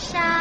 沙。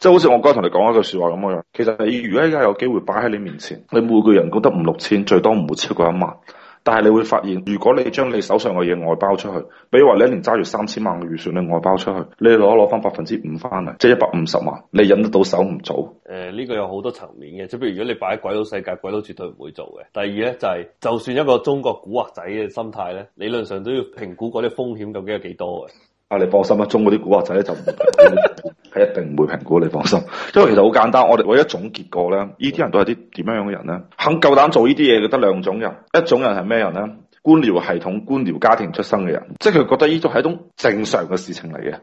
即係好似我剛同你講一句説話咁嘅樣，其實你如果依家有機會擺喺你面前，你每個人工得五六千，最多唔會超過一萬，但係你會發現，如果你將你手上嘅嘢外包出去，比如話你一年揸住三千萬嘅預算，你外包出去，你攞攞翻百分之五翻嚟，即係一百五十萬，你忍得到手唔做？誒、呃，呢、這個有好多層面嘅，即譬如如果你擺喺鬼佬世界，鬼佬絕對唔會做嘅。第二咧就係、是，就算一個中國古惑仔嘅心態咧，理論上都要評估嗰啲風險究竟有幾多嘅。啊，你放心啦，中嗰啲古惑仔咧就唔。 係一定唔會評估，你放心，因為其實好簡單，我哋我已經總結過咧，呢啲人都係啲點樣樣嘅人咧，肯夠膽做呢啲嘢嘅，得兩種人，一種人係咩人咧？官僚系統、官僚家庭出身嘅人，即係佢覺得呢種係一種正常嘅事情嚟嘅，呢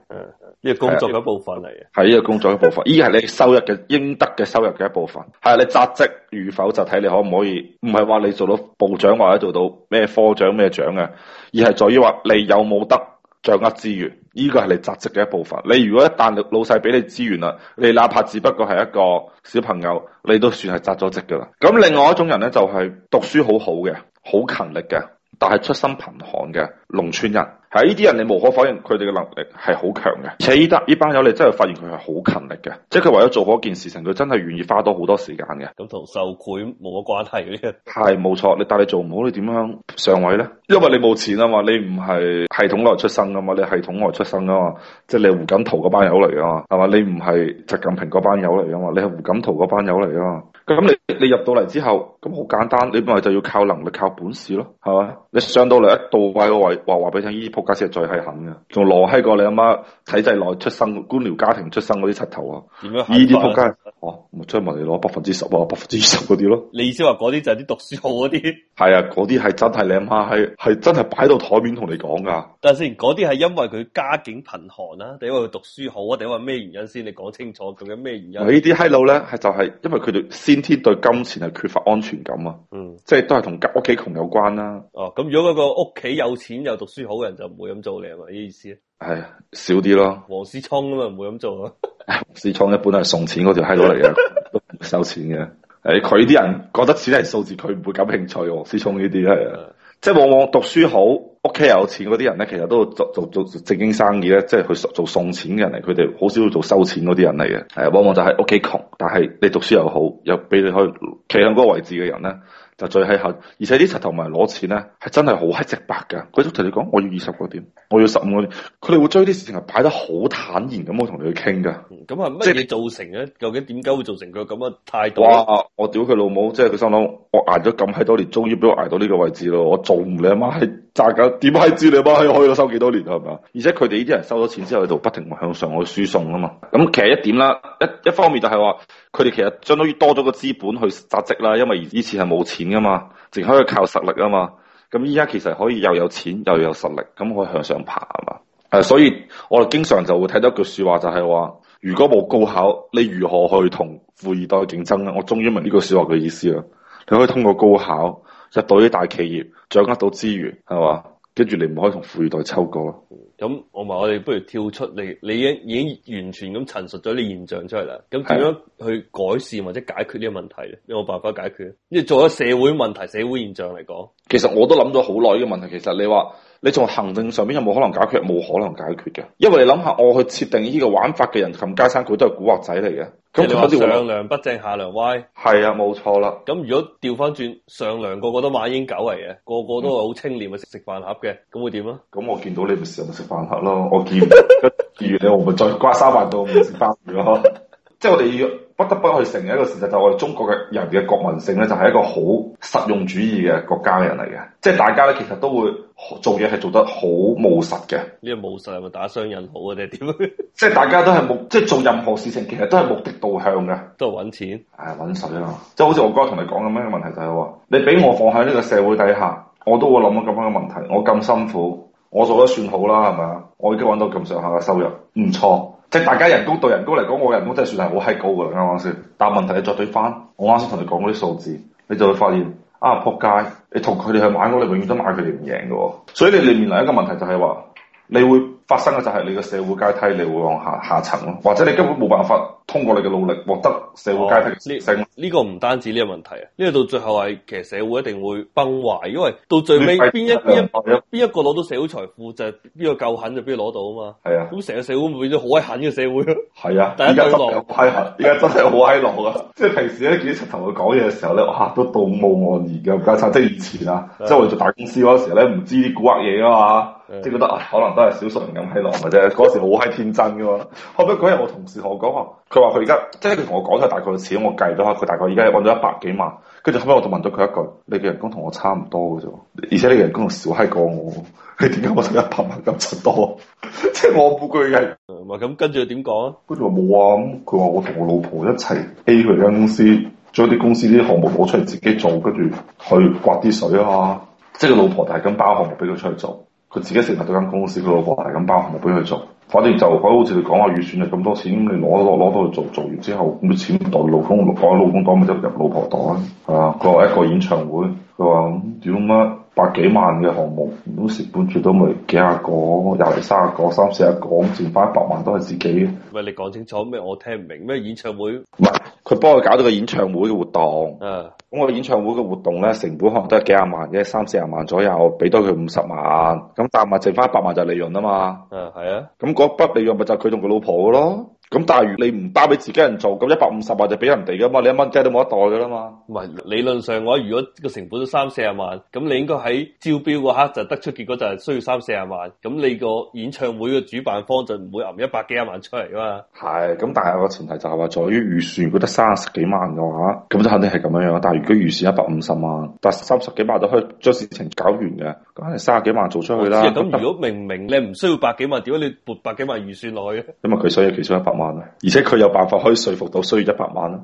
個、嗯、工作嘅一部分嚟嘅，係呢個工作嘅一部分，呢係你收入嘅應得嘅收入嘅一部分，係 你紮職與否就睇你可唔可以，唔係話你做到部長或者做到咩科長咩長嘅，而係在於話你有冇得。掌握資源，依、這個係你扎職嘅一部分。你如果一旦老老細俾你資源啦，你哪怕只不過係一個小朋友，你都算係扎咗職㗎啦。咁另外一種人呢，就係、是、讀書好好嘅，好勤力嘅，但係出身貧寒嘅農村人。但係呢啲人，你無可否認佢哋嘅能力係好強嘅。且依得呢班友，你真係發現佢係好勤力嘅，即係佢為咗做嗰件事情，佢真係願意花多好多時間嘅。咁同受賄冇乜關係嘅。係冇錯，你但你做唔好，你點樣上位咧？因為你冇錢啊嘛，你唔係系統內出生噶嘛，你系統外出生噶嘛。即係你胡錦濤嗰班友嚟啊嘛，係嘛？你唔係習近平嗰班友嚟噶嘛？你係胡錦濤嗰班友嚟噶嘛？咁、嗯、你你入到嚟之後，咁好簡單，你咪就要靠能力、靠本事咯，係嘛？你上到嚟一度位個位，話話俾你聽，呢啲仆街先係最係狠嘅，仲羅閪過你阿媽體制內出生、官僚家庭出生嗰啲柒頭啊！呢啲么仆街，哦，最咪你攞百分之十啊，百分之二十嗰啲咯。Ible, 啊啊、你意思話嗰啲就係啲讀書好嗰啲？係啊，嗰啲係真係你阿媽係係真係擺到台面同你講噶。但係先嗰啲係因為佢家境貧寒啊，定因為佢讀書好啊？定因為咩原因先？你先講清楚究竟咩原因？呢啲閪佬咧係就係因為佢哋天天對金錢係缺乏安全感啊，嗯，即係都係同屋企窮有關啦、啊。哦、啊，咁如果嗰個屋企有錢又讀書好嘅人就唔會咁做，你係咪呢意思呢？係、哎、少啲咯，王思聰、哎，王思聰啊嘛，唔會咁做啊。王思聰一般都係送錢嗰條閪佬嚟嘅， 都唔收錢嘅。誒、哎，佢啲人覺得錢係數字，佢唔會感興趣。王思聰呢啲係，嗯、即係往往讀書好。屋企有錢嗰啲人咧，其實都做做做正經生意咧，即係去做送錢嘅人嚟。佢哋好少會做收錢嗰啲人嚟嘅，係往往就係屋企窮，但係你讀書又好，又俾你去企喺嗰個位置嘅人咧，就最喺後。而且啲石頭咪攞錢咧，係真係好閪直白噶。佢都同你講：我要二十個點，我要十五個點。佢哋會將啲事情係擺得好坦然咁樣同你去傾噶。咁係咩？即係你造成咧？究竟點解會造成佢咁嘅態度？哇！我屌佢老母，即係佢心諗：我捱咗咁喺多年，終於俾我捱到呢個位置咯！我做唔你阿媽係。賺緊點解知你媽可以收幾多年係咪？而且佢哋呢啲人收咗錢之後喺度不停向上去輸送啊嘛。咁其實一點啦，一一方面就係話，佢哋其實相當於多咗個資本去扎職啦，因為以前係冇錢噶嘛，淨可以靠實力啊嘛。咁依家其實可以又有錢又有實力，咁可以向上爬啊嘛。誒，所以我哋經常就會睇到一句話說話，就係話：如果冇高考，你如何去同富二代競爭啊？我終於明呢句說話嘅意思啦。你可以通過高考。就對啲大企業掌握到資源，係嘛？跟住你唔可以同富二代抽過咯。咁、嗯、我話我哋不如跳出你，你已經已經完全咁陳述咗啲現象出嚟啦。咁點樣去改善或者解決呢個問題咧？有冇辦法解決？因為作為做社會問題、社會現象嚟講，其實我都諗咗好耐嘅問題。其實你話你從行政上面有冇可能解決？冇可能解決嘅，因為你諗下，我去設定呢個玩法嘅人，陳街山佢都係蠱惑仔嚟嘅。即係話上梁不正下梁歪，係啊冇錯啦。咁如果調翻轉上梁個個都馬英九嚟嘅，個個都係好清廉嘅食飯盒嘅，咁會點啊？咁、嗯、我見到你咪成日食飯盒咯。我見二 你，我咪再刮三百多食鮑魚咯。 即係我哋要。不得不去承認一個事實，就係我哋中國嘅人嘅國民性咧，就係一個好實用主義嘅國家人嚟嘅。即係大家咧，其實都會做嘢係做得好務實嘅。呢個務實係咪打商人好啊？定係點？即係大家都係目，即係做任何事情其實都係目的導向嘅，都係揾錢，係揾、哎、水啦。即係好似我剛同你講咁樣嘅問題就係、是、話，你俾我放喺呢個社會底下，我都會諗到咁樣嘅問題。我咁辛苦，我做得算好啦，係咪啊？我已經揾到咁上下嘅收入，唔錯。即大家人工對人工嚟講，我人工真係算係好閪高噶啦啱啱先。但係問題你作對翻，我啱先同你講嗰啲數字，你就會發現啊，撲街！你同佢哋去買，我哋永遠都買佢哋唔贏㗎。所以你嚟面臨一個問題就係話，你會發生嘅就係你嘅社會階梯，你會往下下層咯，或者你根本冇辦法。通過你嘅努力獲得社會階級呢個唔單止呢個問題啊，呢個到最後係其實社會一定會崩壞，因為到最尾邊一邊一邊一個攞到社會財富，就邊個夠狠就邊個攞到啊嘛。係啊，咁成個社會會變咗好閪狠嘅社會咯。係啊，依家真係好閪狠，依家真係好閪浪啊！即係平時咧見啲同佢去講嘢嘅時候咧，吓都盜墓我而家。唔即係以前啊，即係我哋做大公司嗰陣時咧，唔知啲蠱惑嘢啊嘛，即係覺得可能都係少數人咁閪浪嘅啫。嗰時好閪天真噶，後邊嗰日我同事同我講啊。佢話：佢而家即係佢同我講咗大概嘅錢，我計咗下，佢大概而家揾到一百幾萬。跟住後尾，我就問咗佢一句：你嘅人工同我差唔多嘅啫，而且你嘅人工又少開過我。你點解我到一百萬咁柒多？ 即係我估佢嘅。咁、嗯，跟住點講啊？我跟住話冇啊。咁佢話：我同我老婆一齊 A 佢間公司，將啲公司啲項目攞出嚟自己做，跟住去刮啲水啊嘛。即係佢老婆就係咁包項目俾佢出去做，佢自己成立咗間公司，佢老婆係咁包項目俾佢做。反正就好似你講話預算啊，咁多錢你攞攞攞都嚟做，做完之後啲錢袋老公袋，老公袋咪入老婆袋啊！啊，個一個演唱會，佢話點乜？嗯百幾萬嘅項目，嗰時本住都咪幾廿個，又零三廿個，三四廿個，剩翻一百萬都係自己。喂，你講清楚咩？我聽唔明咩演唱會。唔係，佢幫我搞到個演唱會嘅活動。嗯、啊。咁我演唱會嘅活動咧，成本可能都係幾廿萬嘅，三四廿萬左右，俾多佢五十萬，咁但係咪剩翻一百萬就係利潤啊嘛？嗯，係啊。咁嗰、啊、筆利潤咪就佢同佢老婆咯。咁但係如你唔包俾自己人做，咁一百五十萬就俾人哋噶嘛，你一蚊雞都冇得袋噶啦嘛。唔係，理論上我話如果個成本都三四廿萬，咁你應該喺招標嗰刻就得出結果，就係需要三四廿萬。咁你個演唱會嘅主辦方就唔會揞一百幾廿萬出嚟噶嘛。係，咁但係個前提就係話，在於預算，如果得三十幾萬嘅話，咁就肯定係咁樣樣。但係如果預算一百五十萬，但三十幾萬就可以將事情搞完嘅，梗係三十幾萬做出去啦。咁如果明明你唔需要百幾萬，點解你撥百幾萬預算落去？因為佢，所以其中一百。而且佢有辦法可以說服到需要一百萬啦，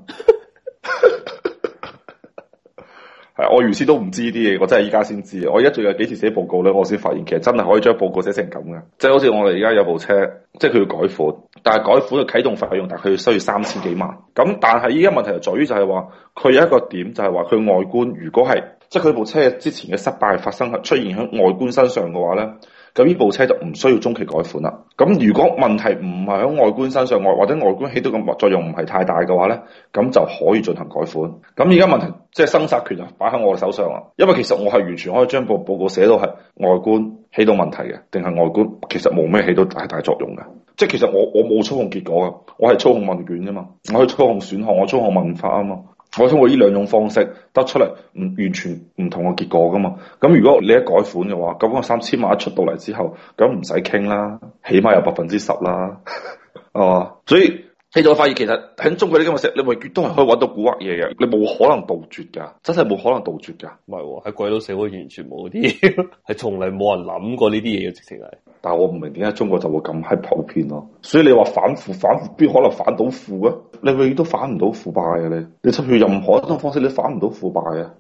啊， 係我如先都唔知呢啲嘢，我真係依家先知。我依家仲有幾次寫報告咧，我先發現其實真係可以將報告寫成咁嘅。即係好似我哋而家有部車，即係佢要改款，但係改款嘅啟動費用，大概要需要三千幾萬。咁但係依家問題就在於就係話，佢有一個點就係話，佢外觀如果係，即係佢部車之前嘅失敗發生出現喺外觀身上嘅話咧。咁呢部車就唔需要中期改款啦。咁如果問題唔係喺外觀身上外，或者外觀起到嘅作用唔係太大嘅話呢，咁就可以進行改款。咁而家問題即係生殺權啊，擺喺我手上啊。因為其實我係完全可以將部報告寫到係外觀起到問題嘅，定係外觀其實冇咩起到太大作用嘅。即係其實我我冇操控結果啊，我係操控問卷啫嘛，我係操控選項，我操控問法啊嘛。我通過呢兩種方式得出嚟唔完全唔同嘅結果噶嘛？咁如果你一改款嘅話，咁我三千萬一出到嚟之後，咁唔使傾啦，起碼有百分之十啦，係 嘛？所以你就會發現，其實喺中國呢個社，你咪都係可以搵到古惑嘢嘅，你冇可能杜絕噶，真係冇可能杜絕噶，唔係喎？喺鬼佬社會完全冇啲，係從嚟冇人諗過呢啲嘢嘅直情係。啊但我唔明點解中國就會咁係普遍咯，所以你話反腐反腐邊可能反到腐嘅？你永遠都反唔到腐敗嘅、啊、咧？你出去任何一種方式，你反唔到腐敗嘅、啊。